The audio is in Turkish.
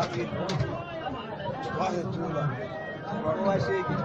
Abi, vah ettiler. Vallahi şey gitti.